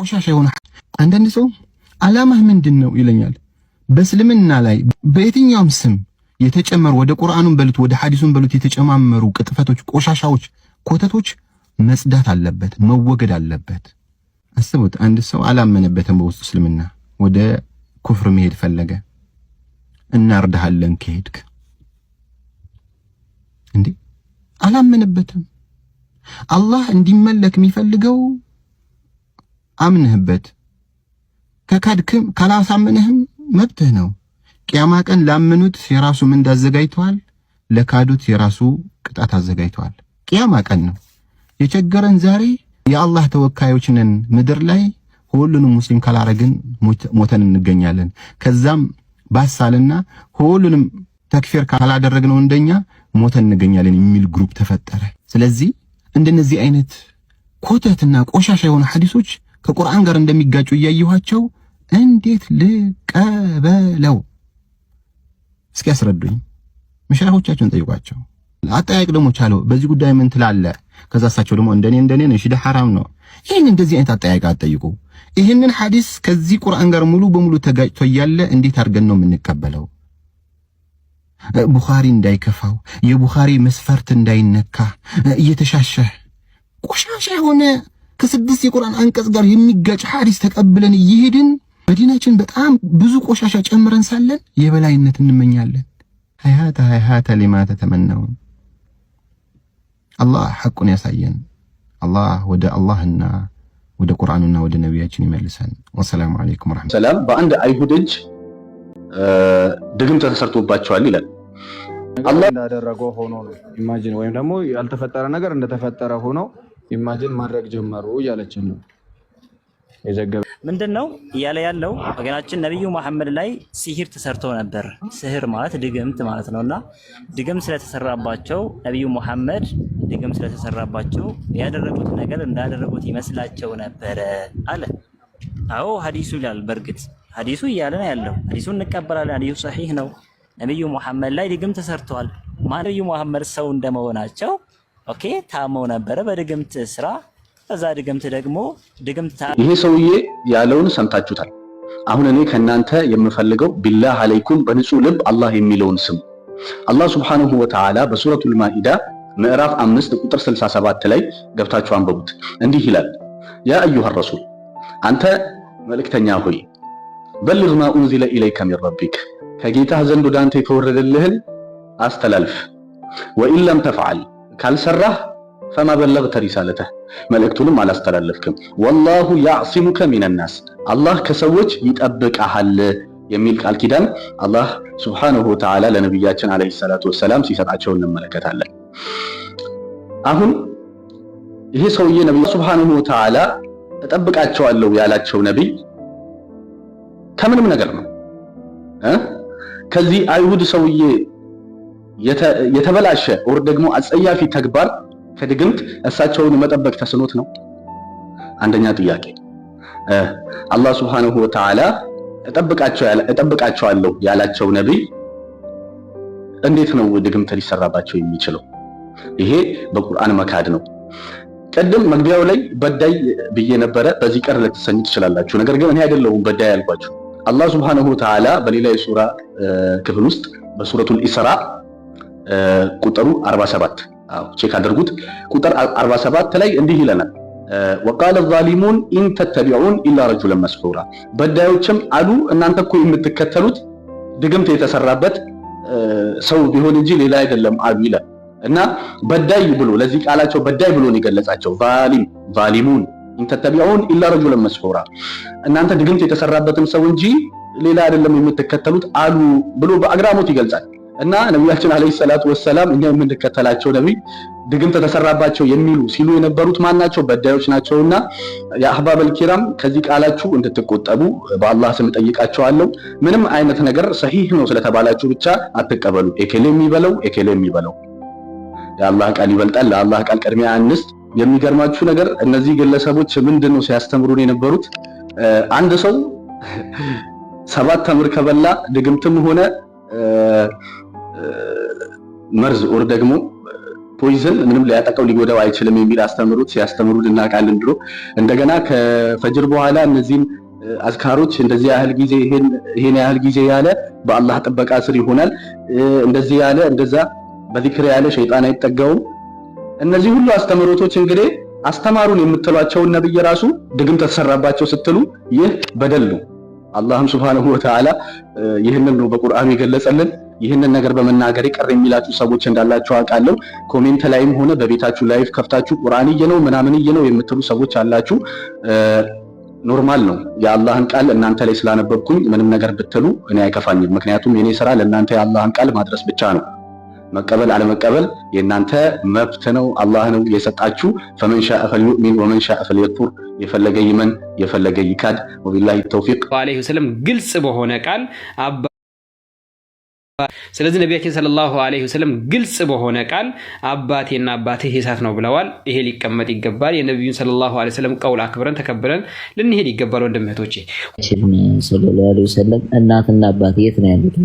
ቆሻሻ ይሆናል። አንዳንድ ሰው አላማህ ምንድን ነው ይለኛል። በእስልምና ላይ በየትኛውም ስም የተጨመሩ ወደ ቁርአኑን በሉት ወደ ሐዲሱን በሉት የተጨማመሩ ቅጥፈቶች፣ ቆሻሻዎች፣ ኮተቶች መጽዳት አለበት፣ መወገድ አለበት። አስቡት፣ አንድ ሰው አላመነበትም በውስጡ እስልምና ወደ ኩፍር መሄድ ፈለገ። እናርዳሃለን ከሄድክ እንዴ አላመነበትም። አላህ እንዲመለክ የሚፈልገው አምንህበት ከካድክም ካላሳምንህም መብትህ ነው። ቅያማ ቀን ላመኑት የራሱ ምንድ አዘጋጅተዋል፣ ለካዱት የራሱ ቅጣት አዘጋጅተዋል። ቅያማ ቀን ነው የቸገረን ዛሬ። የአላህ ተወካዮች ነን ምድር ላይ ሁሉንም ሙስሊም ካላረግን ሞተን እንገኛለን። ከዛም ባሳልና ሁሉንም ተክፊር ካላደረግነው እንደኛ ሞተን እንገኛለን የሚል ግሩፕ ተፈጠረ። ስለዚህ እንደነዚህ አይነት ኮተትና ቆሻሻ የሆኑ ሐዲሶች ከቁርአን ጋር እንደሚጋጩ እያየኋቸው እንዴት ልቀበለው? እስኪ ያስረዱኝ። መሻይኾቻቸውን ጠይቋቸው። አጠያቅ ደግሞ ቻለው በዚህ ጉዳይ ምን ትላለ? ከዛ እሳቸው ደግሞ እንደኔ እንደኔ ነው ሽደ ሐራም ነው። ይህን እንደዚህ አይነት አጠያቅ አትጠይቁ። ይህንን ሐዲስ ከዚህ ቁርአን ጋር ሙሉ በሙሉ ተጋጭቶ እያለ እንዴት አድርገን ነው የምንቀበለው? ቡኻሪ እንዳይከፋው የቡኻሪ መስፈርት እንዳይነካ እየተሻሸህ ቆሻሻ የሆነ ከስድስት የቁርአን አንቀጽ ጋር የሚጋጭ ሐዲስ ተቀብለን እየሄድን በዲናችን በጣም ብዙ ቆሻሻ ጨምረን ሳለን የበላይነት እንመኛለን። ሀያተ ሀያተ ሊማ ተተመናውን አላህ ሐቁን ያሳየን። አላህ ወደ አላህና ወደ ቁርአኑና ወደ ነቢያችን ይመልሰን። ወሰላሙ አለይኩም ወራህመቱላህ። ሰላም በአንድ አይሁድ እጅ ድግምት ተሰርቶባቸዋል ይላል። አላህ እንዳደረገው ሆኖ ነው ኢማጂን ወይም ደግሞ ያልተፈጠረ ነገር እንደተፈጠረ ሆኖ ኢማጅን ማድረግ ጀመሩ እያለችን ነው የዘገበ ምንድን ነው እያለ ያለው ወገናችን ነቢዩ መሐመድ ላይ ሲሂር ተሰርቶ ነበር። ስህር ማለት ድግምት ማለት ነው። እና ድግም ስለተሰራባቸው ነቢዩ መሐመድ ድግም ስለተሰራባቸው ያደረጉት ነገር እንዳደረጉት ይመስላቸው ነበረ አለ። አዎ ሀዲሱ ይላል። በእርግጥ ሀዲሱ እያለ ነው ያለው። ሀዲሱ እንቀበላለን። ሀዲሱ ሰሒህ ነው። ነቢዩ መሐመድ ላይ ድግም ተሰርተዋል። ማ ነቢዩ መሐመድ ሰው እንደመሆናቸው ኦኬ ታመው ነበረ በድግምት ስራ። ከዛ ድግምት ደግሞ ድግምት ይሄ ሰውዬ ያለውን ሰምታችሁታል። አሁን እኔ ከእናንተ የምፈልገው ቢላህ አለይኩም በንጹህ ልብ አላህ የሚለውን ስም አላህ ሱብሓነሁ ወተዓላ በሱረቱል ማኢዳ ምዕራፍ 5 ቁጥር 67 ላይ ገብታችሁ አንብቡት። እንዲህ ይላል ያ አዩሃ ረሱል አንተ መልእክተኛ ሆይ በልግ ማ ኡንዚለ ኢለይከ ሚን ረቢክ ከጌታህ ዘንድ ወደ አንተ የተወረደልህን አስተላልፍ ወኢን ለም ተፍዓል ካልሰራህ ፈማ በለግተ ሪሳለተህ መልእክቱንም አላስተላለፍክም። ወላሁ ያዕሲሙከ ሚነናስ አላህ ከሰዎች ይጠብቃሃል የሚል ቃል ኪዳን አላህ ሱብሓነሁ ወተዓላ ለነቢያችን ዓለይሂ ሰላቱ ወሰላም ሲሰጣቸው እንመለከታለን። አሁን ይሄ ሰውዬ ነቢዩ ሱብሓነሁ ወተዓላ እጠብቃቸዋለሁ ያላቸው ነቢይ ከምንም ነገር ነው ከዚህ አይሁድ ሰውዬ የተበላሸ ወር ደግሞ አጸያፊ ተግባር ከድግምት እሳቸውን መጠበቅ ተስኖት ነው? አንደኛ ጥያቄ። አላህ ሱብሓነሁ ወተዓላ እጠብቃቸዋለሁ ያላቸው ነቢይ እንዴት ነው ድግምት ሊሰራባቸው የሚችለው? ይሄ በቁርአን መካድ ነው። ቅድም መግቢያው ላይ በዳይ ብዬ ነበረ። በዚህ ቀር ልትሰኙ ትችላላችሁ። ነገር ግን እኔ አይደለሁም በዳይ ያልኳችሁ። አላህ ሱብሓነሁ ወተዓላ በሌላ የሱራ ክፍል ውስጥ በሱረቱል ኢስራ ቁጥሩ 47 ቼክ አድርጉት። ቁጥር 47 ላይ እንዲህ ይለናል ወቃለ ዛሊሙን ኢን ተተቢዑን ኢላ ረጁለን መስሑራ። በዳዮችም አሉ እናንተ እኮ የምትከተሉት ድግምት የተሰራበት ሰው ቢሆን እንጂ ሌላ አይደለም አሉ ይላል እና በዳይ ብሎ ለዚህ ቃላቸው በዳይ ብሎ ነው የገለጻቸው። ዛሊም ዛሊሙን ኢን ተተቢዑን ኢላ ረጁለን መስሑራ፣ እናንተ ድግምት የተሰራበትን ሰው እንጂ ሌላ አይደለም የምትከተሉት አሉ ብሎ በአግራሞት ይገልጻል። እና ነቢያችን አለይሂ ሰላቱ ወሰላም እኛ የምንከተላቸው ነቢይ ድግምት ተሰራባቸው የሚሉ ሲሉ የነበሩት ማናቸው? በዳዮች ናቸውና የአህባበል ኪራም ከዚህ ቃላችሁ እንድትቆጠቡ በአላህ ስም ጠይቃቸዋለሁ። ምንም አይነት ነገር ሰሂህ ነው ስለተባላችሁ ብቻ አትቀበሉ። ኤኬሌ የሚበለው ኤኬሌ የሚበለው የአላህ ቃል ይበልጣል። ለአላህ ቃል ቅድሚያ አንስት። የሚገርማችሁ ነገር እነዚህ ግለሰቦች ምንድን ነው ሲያስተምሩን የነበሩት? አንድ ሰው ሰባት ተምር ከበላ ድግምትም ሆነ መርዝ ወር ደግሞ ፖይዝን ምንም ሊያጠቀው ሊጎዳው አይችልም የሚል አስተምሩት ሲያስተምሩ እናውቃለን ድሮ። እንደገና ከፈጅር በኋላ እነዚህም አዝካሮች እንደዚህ ያህል ጊዜ ይሄን ያህል ጊዜ ያለ በአላህ ጥበቃ ስር ይሆናል፣ እንደዚህ ያለ እንደዛ በዚክር ያለ ሸይጣን አይጠገውም። እነዚህ ሁሉ አስተምሮቶች እንግዲህ አስተማሩን የምትሏቸውን ነብይ ራሱ ድግም ተሰራባቸው ስትሉ ይህ በደል ነው። አላህም ሱብሃነሁ ወተዓላ ይህንን ነው በቁርአን የገለጸልን። ይህንን ነገር በመናገር ቅር የሚላችሁ ሰዎች እንዳላችሁ አውቃለሁ። ኮሜንት ላይም ሆነ በቤታችሁ ላይፍ ከፍታችሁ ቁርአንዬ ነው ምናምንዬ ነው የምትሉ ሰዎች አላችሁ። ኖርማል ነው። የአላህን ቃል እናንተ ላይ ስላነበብኩኝ ምንም ነገር ብትሉ እኔ አይከፋኝም። ምክንያቱም የኔ ስራ ለእናንተ የአላህን ቃል ማድረስ ብቻ ነው። መቀበል አለመቀበል የእናንተ መብት ነው። አላህ ነው የሰጣችሁ። ፈመን ሻአ ፈልዩእሚን ወመን ሻአ ፈልየክፉር፣ የፈለገ ይመን የፈለገ ይካድ። ወቢላሂ ተውፊቅ። አለይሂ ወሰለም ግልጽ በሆነ ቃል ስለዚህ ነቢያችን ሰለላሁ ዐለይሂ ወሰለም ግልጽ በሆነ ቃል አባቴና አባትህ እሳት ነው ብለዋል። ይሄ ሊቀመጥ ይገባል። የነቢዩን ሰለላሁ ዐለይሂ ወሰለም ቀውል አክብረን ተከብረን ልንሄድ ይገባል። ወንድም እህቶቼ እናትና አባት የት ነው ያሉት?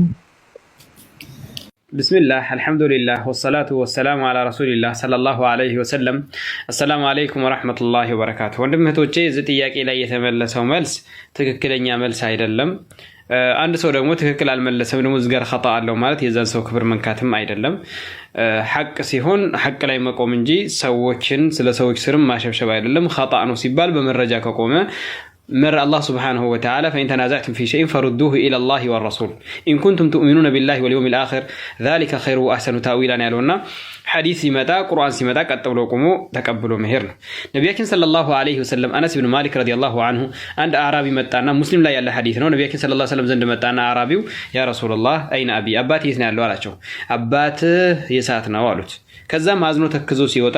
ብስሚላህ አልሐምዱሊላህ ወሰላቱ ወሰላሙ አላ ረሱሊላህ ሰለላሁ ዐለይሂ ወሰለም። አሰላሙ አለይኩም ወረሕመቱላሂ ወበረካቱ። ወንድም እህቶቼ እዚህ ጥያቄ ላይ የተመለሰው መልስ ትክክለኛ መልስ አይደለም። አንድ ሰው ደግሞ ትክክል አልመለሰም ደግሞ እዚህ ከጣ አለው ማለት የዛን ሰው ክብር መንካትም አይደለም። ሐቅ ሲሆን ሐቅ ላይ መቆም እንጂ ሰዎችን ስለ ሰዎች ስርም ማሸብሸብ አይደለም። ከጣ ነው ሲባል በመረጃ ከቆመ مر الله سبحانه وتعالى فإن تنازعتم في شيء فردوه إلى الله والرسول إن كنتم تؤمنون بالله واليوم الآخر ذلك خير وأحسن تأويلا يلونا حديث سمتا قرآن سمتا قد تقبلوا مهرنا نبيكين صلى الله عليه وسلم أنس بن مالك رضي الله عنه عند أعرابي متانا مسلم لا يلا حديثنا نبيكين صلى الله عليه وسلم زند متانا أعرابي يا رسول الله أين أبي أباتي يسنا يلو አላቸው አባት የሳትና ዋሉት ከዛም አዝኖ ተክዞ ሲወጣ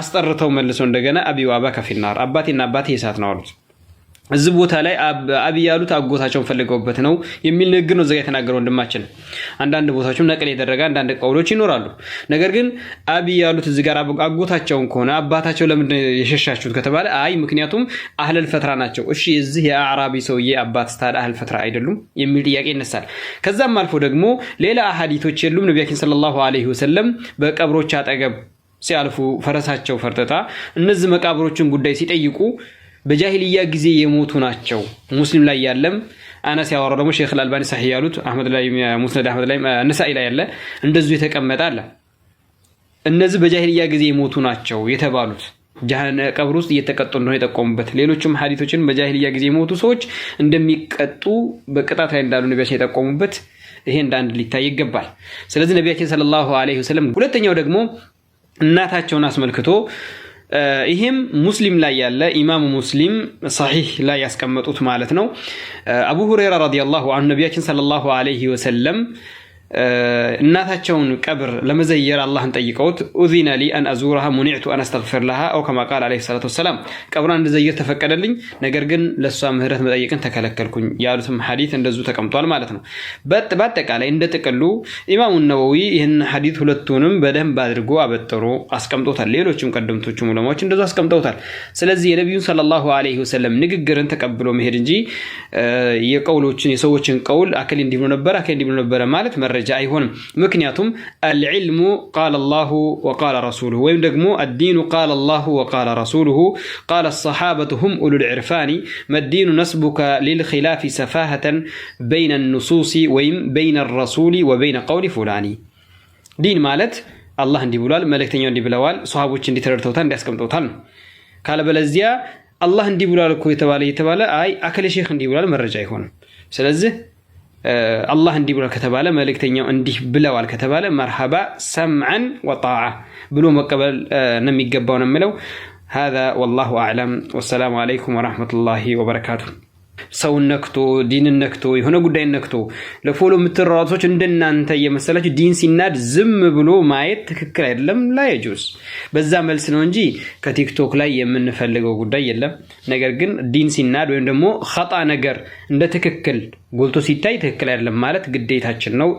አስጠርተው መልሶ እንደገና አቢው አባ ከፊናር አባቴና አባቴ የሳት ነው አሉት እዚህ ቦታ ላይ አብ ያሉት አጎታቸውን ፈልገውበት ነው የሚል ንግግር ነው እዚጋ የተናገረው ወንድማችን። አንዳንድ ቦታዎችም ነቅል የደረገ አንዳንድ ቀውሎች ይኖራሉ። ነገር ግን አብ ያሉት እዚህ ጋር አጎታቸውን ከሆነ አባታቸው ለምንድን ነው የሸሻችሁት ከተባለ አይ ምክንያቱም አህለል ፈትራ ናቸው። እሺ እዚህ የአዕራቢ ሰውዬ አባት ስታል አህል ፈትራ አይደሉም የሚል ጥያቄ ይነሳል። ከዛም አልፎ ደግሞ ሌላ አሀዲቶች የሉም ነቢያችን ሰለላሁ አለይሂ ወሰለም በቀብሮች አጠገብ ሲያልፉ ፈረሳቸው ፈርጥጣ እነዚህ መቃብሮችን ጉዳይ ሲጠይቁ በጃሂልያ ጊዜ የሞቱ ናቸው። ሙስሊም ላይ ያለም አነስ ያወራው ደግሞ ሼክ አልባኒ ሳሂህ ያሉት አህመድ ላይ ሙስነድ አህመድ ላይ ነሳኢ ላይ ያለ እንደዚሁ የተቀመጠ አለ። እነዚህ በጃሂልያ ጊዜ የሞቱ ናቸው የተባሉት ቀብር ውስጥ እየተቀጡ እንደሆነ የጠቆሙበት ሌሎችም ሀዲቶችን በጃሂልያ ጊዜ የሞቱ ሰዎች እንደሚቀጡ በቅጣት ላይ እንዳሉ ነቢያችን የጠቆሙበት ይሄ እንደ አንድ ሊታይ ይገባል። ስለዚህ ነቢያችን ሰለላሁ ዐለይሂ ወሰለም ሁለተኛው ደግሞ እናታቸውን አስመልክቶ ይሄም ሙስሊም ላይ ያለ ኢማሙ ሙስሊም ሰሒህ ላይ ያስቀመጡት ማለት ነው። አቡ ሁረይራ ረዲየላሁ አንሁ ነቢያችን ሰለላሁ ዐለይሂ ወሰለም እናታቸውን ቀብር ለመዘየር አላህን ጠይቀውት ኡዚነ ሊ አን አዙራሃ ሙኒዕቱ አን አስተግፊር ለሃ አው ከማ ቃል ዓለይሂ ሰላቱ ወሰላም ቀብሯን እንድዘይር ተፈቀደልኝ፣ ነገር ግን ለእሷ ምህረት መጠየቅን ተከለከልኩኝ ያሉትም ሐዲት እንደዙ ተቀምጧል ማለት ነው። በአጠቃላይ እንደ ጥቅሉ ኢማሙ ነወዊ ይህን ሐዲት ሁለቱንም በደንብ አድርጎ አበጠሩ አስቀምጦታል። ሌሎችም ቀደምቶቹ ዑለማዎች እንደዙ አስቀምጠውታል። ስለዚህ የነቢዩን ሰለላሁ ዓለይሂ ወሰለም ንግግርን ተቀብሎ መሄድ እንጂ የቀውሎችን የሰዎችን ቀውል አከል እንዲብሎ ነበረ አከል እንዲብሎ ነበረ ማለት መረጃ አይሆንም። ምክንያቱም አልዕልሙ ቃለ ላሁ ወቃለ ረሱሉሁ ወይም ደግሞ አዲኑ ቃለ ላሁ ወቃለ ረሱሉሁ ቃለ ሰሓበቱ ሁም ኡሉል ዕርፋኒ መዲኑ ነስቡከ ሊልኪላፊ ሰፋሃተን በይነ ኑሱሲ ወይም በይነ ረሱሊ ወበይነ ቀውሊ ፉላኒ ዲን ማለት አላህ እንዲህ ብሏል፣ መልእክተኛው እንዲህ ብለዋል፣ ሰሃቦች ተረድተውታል፣ እንዲያስቀምጠውታል ነው። ካለበለዚያ አላህ እንዲህ ብሏል እኮ የተባለ የተባለ አይ አከለ ሼክ እንዲህ ብሏል መረጃ አይሆንም። ስለዚህ አላህ እንዲህ ብሏል ከተባለ መልእክተኛው እንዲህ ብለዋል ከተባለ መርሃባ ሰምዐን ወጣዓ ብሎ መቀበል ነው የሚገባው ነው የሚለው። ሀዛ ወላሁ አዕለም። ወሰላሙ አለይኩም ወረሕመቱላሂ ወበረካቱ። ሰውን ነክቶ ዲንን ነክቶ የሆነ ጉዳይ ነክቶ ለፎሎ የምትራራጡ ሰዎች እንደናንተ እየመሰላችሁ ዲን ሲናድ ዝም ብሎ ማየት ትክክል አይደለም። ጁስ በዛ መልስ ነው እንጂ ከቲክቶክ ላይ የምንፈልገው ጉዳይ የለም። ነገር ግን ዲን ሲናድ ወይም ደግሞ ኸጣ ነገር እንደ ትክክል ጎልቶ ሲታይ ትክክል አይደለም ማለት ግዴታችን ነው።